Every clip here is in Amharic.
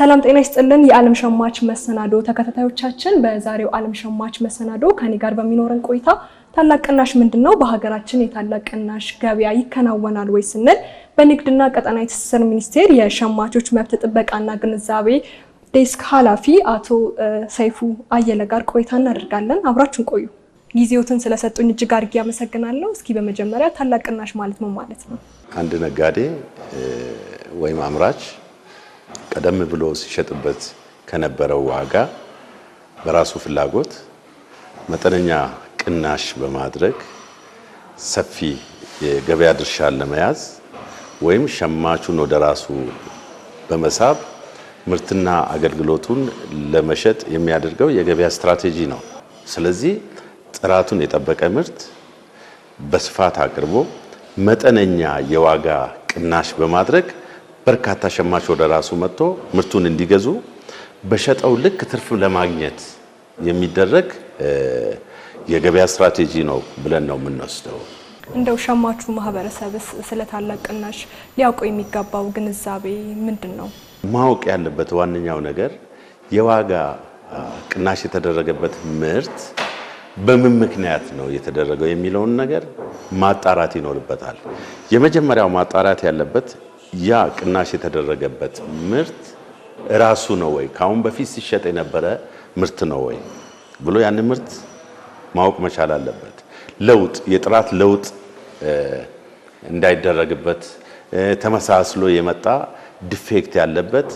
ሰላም ጤና ይስጥልን። የዓለም ሸማች መሰናዶ ተከታታዮቻችን፣ በዛሬው ዓለም ሸማች መሰናዶ ከኔ ጋር በሚኖረን ቆይታ ታላቅ ቅናሽ ምንድን ነው፣ በሀገራችን የታላቅ ቅናሽ ገበያ ይከናወናል ወይ ስንል በንግድና ቀጠናዊ ትስስር ሚኒስቴር የሸማቾች መብት ጥበቃና ግንዛቤ ዴስክ ኃላፊ አቶ ሰይፉ አየለ ጋር ቆይታ እናደርጋለን። አብራችን ቆዩ። ጊዜዎትን ስለሰጡኝ እጅግ አድርጌ አመሰግናለሁ። እስኪ በመጀመሪያ ታላቅ ቅናሽ ማለት ምን ማለት ነው? አንድ ነጋዴ ወይም አምራች ቀደም ብሎ ሲሸጥበት ከነበረው ዋጋ በራሱ ፍላጎት መጠነኛ ቅናሽ በማድረግ ሰፊ የገበያ ድርሻን ለመያዝ ወይም ሸማቹን ወደ ራሱ በመሳብ ምርትና አገልግሎቱን ለመሸጥ የሚያደርገው የገበያ ስትራቴጂ ነው። ስለዚህ ጥራቱን የጠበቀ ምርት በስፋት አቅርቦ መጠነኛ የዋጋ ቅናሽ በማድረግ በርካታ ሸማች ወደ ራሱ መጥቶ ምርቱን እንዲገዙ በሸጠው ልክ ትርፍ ለማግኘት የሚደረግ የገበያ ስትራቴጂ ነው ብለን ነው የምንወስደው። እንደው ሸማቹ ማህበረሰብ ስለ ታላቅ ቅናሽ ሊያውቀው የሚገባው ግንዛቤ ምንድን ነው? ማወቅ ያለበት ዋነኛው ነገር የዋጋ ቅናሽ የተደረገበት ምርት በምን ምክንያት ነው የተደረገው የሚለውን ነገር ማጣራት ይኖርበታል። የመጀመሪያው ማጣራት ያለበት ያ ቅናሽ የተደረገበት ምርት ራሱ ነው ወይ ከአሁን በፊት ሲሸጥ የነበረ ምርት ነው ወይ ብሎ ያን ምርት ማወቅ መቻል አለበት። ለውጥ የጥራት ለውጥ እንዳይደረግበት ተመሳስሎ የመጣ ዲፌክት ያለበት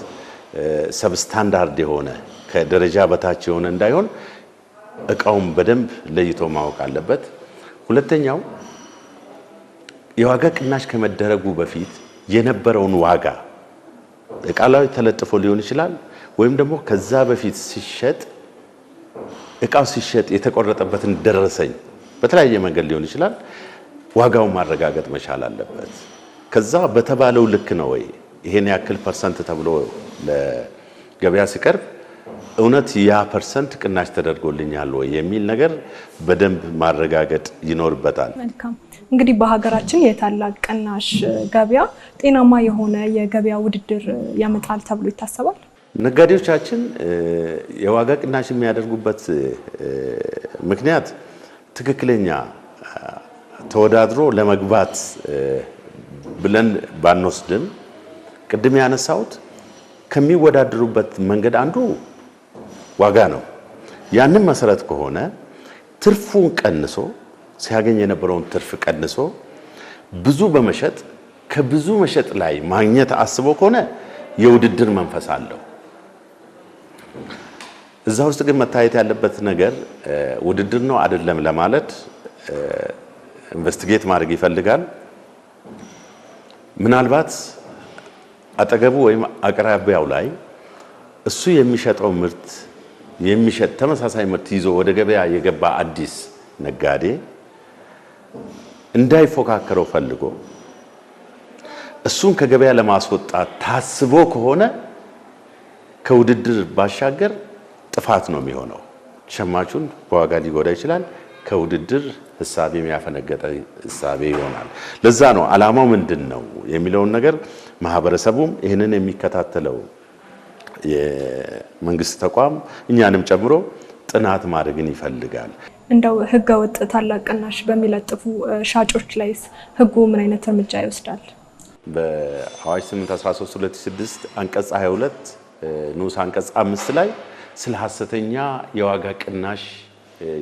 ሰብስታንዳርድ የሆነ ከደረጃ በታች የሆነ እንዳይሆን እቃውን በደንብ ለይቶ ማወቅ አለበት። ሁለተኛው የዋጋ ቅናሽ ከመደረጉ በፊት የነበረውን ዋጋ እቃ ላይ ተለጥፎ ሊሆን ይችላል፣ ወይም ደግሞ ከዛ በፊት ሲሸጥ እቃው ሲሸጥ የተቆረጠበትን ደረሰኝ በተለያየ መንገድ ሊሆን ይችላል። ዋጋው ማረጋገጥ መቻል አለበት። ከዛ በተባለው ልክ ነው ወይ ይሄን ያክል ፐርሰንት ተብሎ ለገበያ ሲቀርብ እውነት ያ ፐርሰንት ቅናሽ ተደርጎልኛል ወይ የሚል ነገር በደንብ ማረጋገጥ ይኖርበታል። መልካም እንግዲህ በሀገራችን የታላቅ ቅናሽ ገበያ ጤናማ የሆነ የገበያ ውድድር ያመጣል ተብሎ ይታሰባል። ነጋዴዎቻችን የዋጋ ቅናሽ የሚያደርጉበት ምክንያት ትክክለኛ ተወዳድሮ ለመግባት ብለን ባንወስድም ቅድም ያነሳሁት ከሚወዳደሩበት መንገድ አንዱ ዋጋ ነው። ያንን መሰረት ከሆነ ትርፉን ቀንሶ ሲያገኝ የነበረውን ትርፍ ቀንሶ ብዙ በመሸጥ ከብዙ መሸጥ ላይ ማግኘት አስቦ ከሆነ የውድድር መንፈስ አለው። እዛ ውስጥ ግን መታየት ያለበት ነገር ውድድር ነው አይደለም ለማለት ኢንቨስቲጌት ማድረግ ይፈልጋል። ምናልባት አጠገቡ ወይም አቅራቢያው ላይ እሱ የሚሸጠው ምርት የሚሸጥ ተመሳሳይ ምርት ይዞ ወደ ገበያ የገባ አዲስ ነጋዴ እንዳይፎካከረው ፈልጎ እሱን ከገበያ ለማስወጣት ታስቦ ከሆነ ከውድድር ባሻገር ጥፋት ነው የሚሆነው። ሸማቹን በዋጋ ሊጎዳ ይችላል። ከውድድር ህሳቤ የሚያፈነገጠ ህሳቤ ይሆናል። ለዛ ነው ዓላማው ምንድን ነው የሚለውን ነገር ማህበረሰቡም ይህንን የሚከታተለው የመንግስት ተቋም እኛንም ጨምሮ ጥናት ማድረግን ይፈልጋል። እንደው ህገ ወጥ ታላቅ ቅናሽ በሚለጥፉ ሻጮች ላይ ህጉ ምን አይነት እርምጃ ይወስዳል? በአዋጅ 813/2006 አንቀጽ 22 ንዑስ አንቀጽ 5 ላይ ስለ ሀሰተኛ የዋጋ ቅናሽ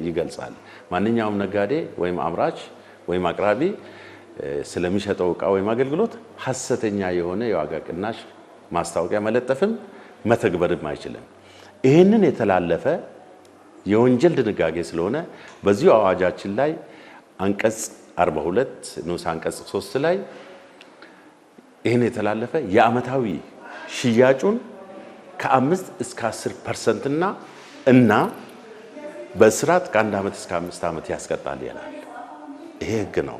ይገልጻል። ማንኛውም ነጋዴ ወይም አምራች ወይም አቅራቢ ስለሚሸጠው እቃ ወይም አገልግሎት ሀሰተኛ የሆነ የዋጋ ቅናሽ ማስታወቂያ መለጠፍም መተግበርም አይችልም። ይህንን የተላለፈ የወንጀል ድንጋጌ ስለሆነ በዚሁ አዋጃችን ላይ አንቀጽ 42 ንዑስ አንቀጽ 3 ላይ ይህን የተላለፈ የዓመታዊ ሽያጩን ከአምስት እስከ አስር ፐርሰንት እና እና በእስራት ከአንድ ዓመት እስከ አምስት ዓመት ያስቀጣል ይላል። ይሄ ህግ ነው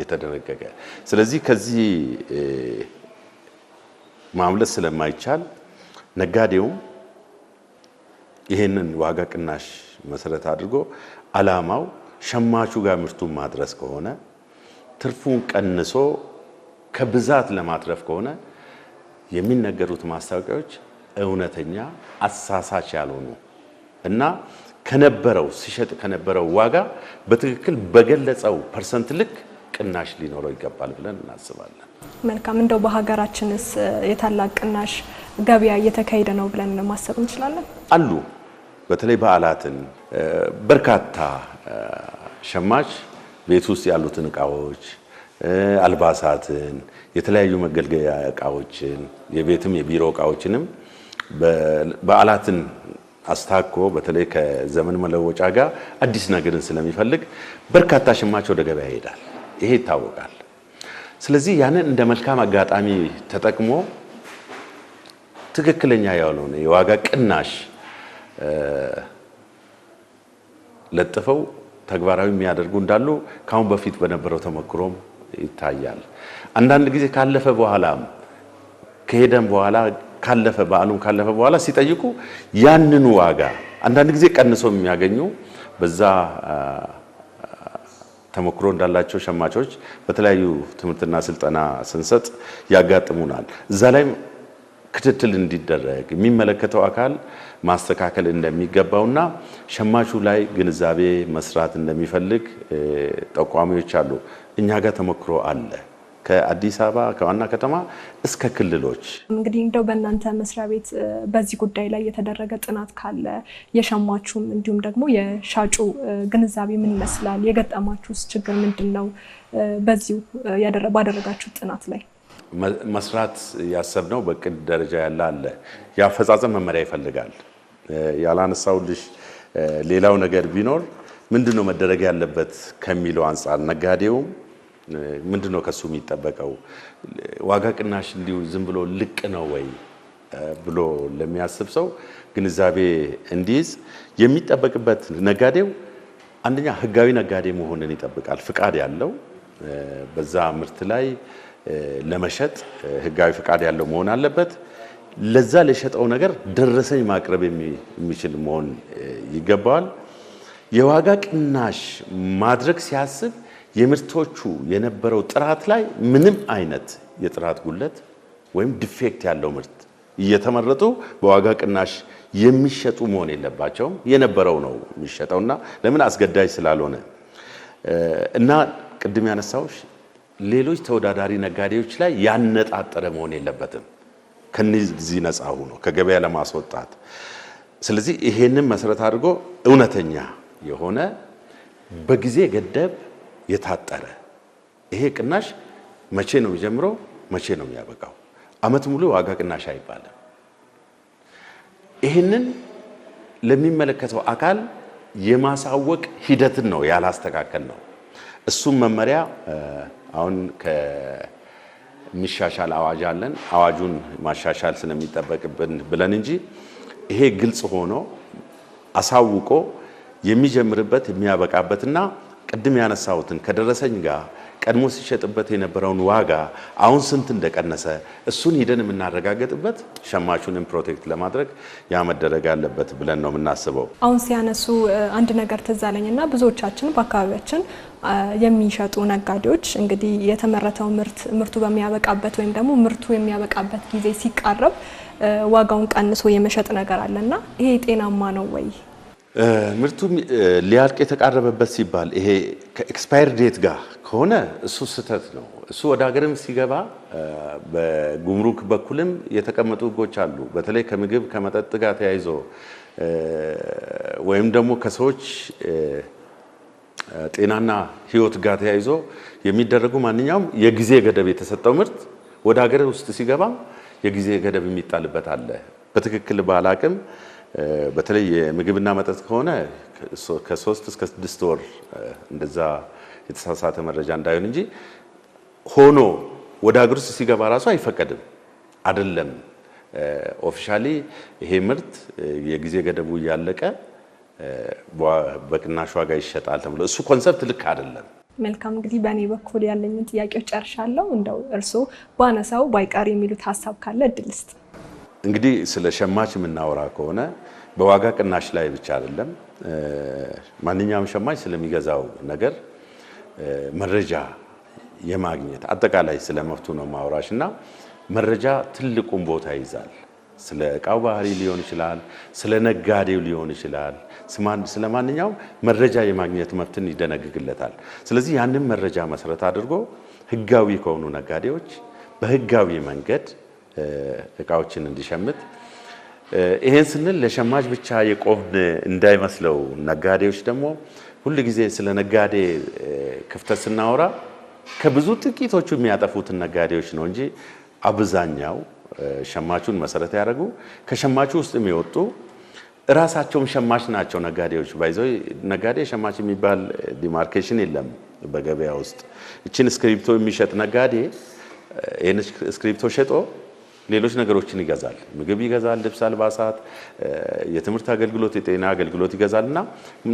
የተደነገገ። ስለዚህ ከዚህ ማምለት ስለማይቻል ነጋዴውም ይህንን ዋጋ ቅናሽ መሰረት አድርጎ አላማው ሸማቹ ጋር ምርቱን ማድረስ ከሆነ ትርፉን ቀንሶ ከብዛት ለማትረፍ ከሆነ የሚነገሩት ማስታወቂያዎች እውነተኛ አሳሳች ያልሆኑ እና ከነበረው ሲሸጥ ከነበረው ዋጋ በትክክል በገለጸው ፐርሰንት ልክ ቅናሽ ሊኖረው ይገባል ብለን እናስባለን። መልካም። እንደው በሀገራችንስ የታላቅ ቅናሽ ገበያ እየተካሄደ ነው ብለን ማሰብ እንችላለን? አሉ በተለይ በዓላትን በርካታ ሸማች ቤት ውስጥ ያሉትን እቃዎች፣ አልባሳትን፣ የተለያዩ መገልገያ እቃዎችን፣ የቤትም የቢሮ እቃዎችንም በዓላትን አስታኮ በተለይ ከዘመን መለወጫ ጋር አዲስ ነገርን ስለሚፈልግ በርካታ ሸማች ወደ ገበያ ይሄዳል። ይሄ ይታወቃል። ስለዚህ ያንን እንደ መልካም አጋጣሚ ተጠቅሞ ትክክለኛ ያልሆነ የዋጋ ቅናሽ ለጥፈው ተግባራዊ የሚያደርጉ እንዳሉ ከአሁን በፊት በነበረው ተሞክሮም ይታያል። አንዳንድ ጊዜ ካለፈ በኋላም ከሄደም በኋላ ካለፈ በዓሉም ካለፈ በኋላ ሲጠይቁ ያንኑ ዋጋ አንዳንድ ጊዜ ቀንሶ የሚያገኙ በዛ ተሞክሮ እንዳላቸው ሸማቾች በተለያዩ ትምህርትና ስልጠና ስንሰጥ ያጋጥሙናል። እዛ ላይም ክትትል እንዲደረግ የሚመለከተው አካል ማስተካከል እንደሚገባውና ሸማቹ ላይ ግንዛቤ መስራት እንደሚፈልግ ጠቋሚዎች አሉ። እኛ ጋር ተሞክሮ አለ። ከአዲስ አበባ ከዋና ከተማ እስከ ክልሎች እንግዲህ እንደው በእናንተ መስሪያ ቤት በዚህ ጉዳይ ላይ የተደረገ ጥናት ካለ የሸማችሁም እንዲሁም ደግሞ የሻጩ ግንዛቤ ምን ይመስላል? የገጠማችሁስ ችግር ምንድን ነው? በዚሁ ባደረጋችሁ ጥናት ላይ መስራት ያሰብነው በቅድ ደረጃ ያለ አለ። የአፈጻጸም መመሪያ ይፈልጋል። ያላነሳውልሽ ሌላው ነገር ቢኖር ምንድን ነው መደረግ ያለበት ከሚለው አንጻር ነጋዴውም ምንድን ነው ከሱ የሚጠበቀው? ዋጋ ቅናሽ እንዲሁ ዝም ብሎ ልቅ ነው ወይ ብሎ ለሚያስብ ሰው ግንዛቤ እንዲይዝ የሚጠበቅበት ነጋዴው አንደኛ ህጋዊ ነጋዴ መሆንን ይጠብቃል። ፍቃድ ያለው በዛ ምርት ላይ ለመሸጥ ህጋዊ ፍቃድ ያለው መሆን አለበት። ለዛ ለሸጠው ነገር ደረሰኝ ማቅረብ የሚችል መሆን ይገባዋል። የዋጋ ቅናሽ ማድረግ ሲያስብ የምርቶቹ የነበረው ጥራት ላይ ምንም አይነት የጥራት ጉለት ወይም ዲፌክት ያለው ምርት እየተመረጡ በዋጋ ቅናሽ የሚሸጡ መሆን የለባቸውም። የነበረው ነው የሚሸጠው እና ለምን አስገዳጅ ስላልሆነ እና ቅድም ያነሳዎች ሌሎች ተወዳዳሪ ነጋዴዎች ላይ ያነጣጠረ መሆን የለበትም። ከነዚህ ነፃ ሆኖ ከገበያ ለማስወጣት ስለዚህ ይሄንን መሰረት አድርጎ እውነተኛ የሆነ በጊዜ ገደብ የታጠረ ይሄ ቅናሽ መቼ ነው የሚጀምረው? መቼ ነው የሚያበቃው? አመት ሙሉ ዋጋ ቅናሽ አይባልም። ይህንን ለሚመለከተው አካል የማሳወቅ ሂደትን ነው ያላስተካከል ነው። እሱም መመሪያ አሁን ከሚሻሻል አዋጅ አለን። አዋጁን ማሻሻል ስለሚጠበቅብን ብለን እንጂ ይሄ ግልጽ ሆኖ አሳውቆ የሚጀምርበት የሚያበቃበትና ቅድም ያነሳሁትን ከደረሰኝ ጋር ቀድሞ ሲሸጥበት የነበረውን ዋጋ አሁን ስንት እንደቀነሰ እሱን ሂደን የምናረጋገጥበት ሸማቹንም ፕሮቴክት ለማድረግ ያ መደረግ አለበት ብለን ነው የምናስበው። አሁን ሲያነሱ አንድ ነገር ትዝ አለኝ እና ብዙዎቻችን በአካባቢያችን የሚሸጡ ነጋዴዎች እንግዲህ የተመረተው ምርት ምርቱ በሚያበቃበት ወይም ደግሞ ምርቱ የሚያበቃበት ጊዜ ሲቃረብ ዋጋውን ቀንሶ የመሸጥ ነገር አለ እና ይሄ ጤናማ ነው ወይ? ምርቱ ሊያልቅ የተቃረበበት ሲባል ይሄ ከኤክስፓየር ዴት ጋር ከሆነ እሱ ስህተት ነው። እሱ ወደ ሀገርም ሲገባ በጉምሩክ በኩልም የተቀመጡ ህጎች አሉ። በተለይ ከምግብ ከመጠጥ ጋር ተያይዞ ወይም ደግሞ ከሰዎች ጤናና ህይወት ጋር ተያይዞ የሚደረጉ ማንኛውም የጊዜ ገደብ የተሰጠው ምርት ወደ ሀገር ውስጥ ሲገባ የጊዜ ገደብ የሚጣልበት አለ። በትክክል ባላቅም በተለይ የምግብና መጠጥ ከሆነ ከሶስት እስከ ስድስት ወር እንደዛ የተሳሳተ መረጃ እንዳይሆን እንጂ ሆኖ ወደ ሀገር ውስጥ ሲገባ ራሱ አይፈቀድም አይደለም። ኦፊሻሊ ይሄ ምርት የጊዜ ገደቡ እያለቀ በቅናሽ ዋጋ ይሸጣል ተብሎ እሱ ኮንሰፕት ልክ አይደለም። መልካም እንግዲህ በእኔ በኩል ያለኝን ጥያቄዎች ጨርሻለሁ። እንደው እርስዎ ባነሳው ባይቀር የሚሉት ሀሳብ ካለ እድል ስጥ እንግዲህ ስለ ሸማች የምናወራ ከሆነ በዋጋ ቅናሽ ላይ ብቻ አይደለም። ማንኛውም ሸማች ስለሚገዛው ነገር መረጃ የማግኘት አጠቃላይ ስለ መብቱ ነው ማውራሽ እና መረጃ ትልቁን ቦታ ይይዛል። ስለ እቃው ባህሪ ሊሆን ይችላል፣ ስለ ነጋዴው ሊሆን ይችላል፣ ስለ ማንኛውም መረጃ የማግኘት መብትን ይደነግግለታል። ስለዚህ ያንን መረጃ መሰረት አድርጎ ህጋዊ ከሆኑ ነጋዴዎች በህጋዊ መንገድ እቃዎችን እንዲሸምት። ይሄን ስንል ለሸማች ብቻ የቆምን እንዳይመስለው፣ ነጋዴዎች ደግሞ ሁል ጊዜ ስለ ነጋዴ ክፍተት ስናወራ ከብዙ ጥቂቶቹ የሚያጠፉትን ነጋዴዎች ነው እንጂ አብዛኛው ሸማቹን መሰረት ያደረጉ ከሸማቹ ውስጥ የሚወጡ እራሳቸውም ሸማች ናቸው። ነጋዴዎች ባይዘ ነጋዴ ሸማች የሚባል ዲማርኬሽን የለም በገበያ ውስጥ። ይችን እስክሪብቶ የሚሸጥ ነጋዴ ይህን እስክሪብቶ ሸጦ ሌሎች ነገሮችን ይገዛል። ምግብ ይገዛል፣ ልብስ አልባሳት፣ የትምህርት አገልግሎት፣ የጤና አገልግሎት ይገዛል እና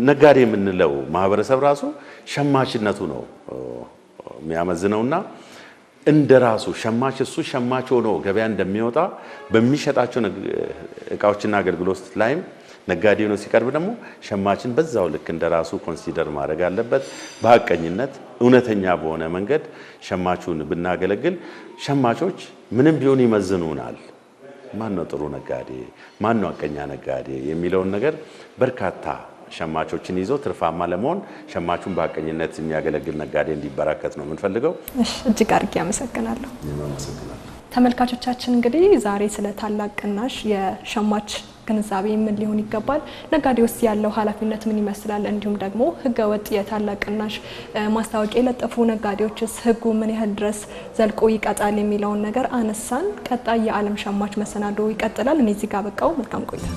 ነጋዴ የምንለው ማህበረሰብ ራሱ ሸማችነቱ ነው እና እንደ ራሱ ሸማች እሱ ሸማች ሆኖ ገበያ እንደሚወጣ በሚሸጣቸው እቃዎችና አገልግሎት ላይም ነጋዴ ነው ሲቀርብ ደግሞ ሸማችን በዛው ልክ እንደ ራሱ ኮንሲደር ማድረግ አለበት። በሀቀኝነት እውነተኛ በሆነ መንገድ ሸማቹን ብናገለግል ሸማቾች ምንም ቢሆን ይመዝኑናል። ማን ነው ጥሩ ነጋዴ፣ ማን ነው ሀቀኛ ነጋዴ የሚለውን ነገር በርካታ ሸማቾችን ይዞ ትርፋማ ለመሆን ሸማቹን በሀቀኝነት የሚያገለግል ነጋዴ እንዲበራከት ነው የምንፈልገው። እጅግ አድርጌ አመሰግናለሁ። ተመልካቾቻችን እንግዲህ ዛሬ ስለ ታላቅ ቅናሽ የሸማች ግንዛቤ ምን ሊሆን ይገባል፣ ነጋዴ ውስጥ ያለው ኃላፊነት ምን ይመስላል፣ እንዲሁም ደግሞ ህገወጥ የታላቅ ቅናሽ ማስታወቂያ የለጠፉ ነጋዴዎችስ ህጉ ምን ያህል ድረስ ዘልቆ ይቀጣል የሚለውን ነገር አነሳን። ቀጣይ የዓለም ሸማች መሰናዶ ይቀጥላል። እኔ እዚህ በቃው። መልካም ቆይታ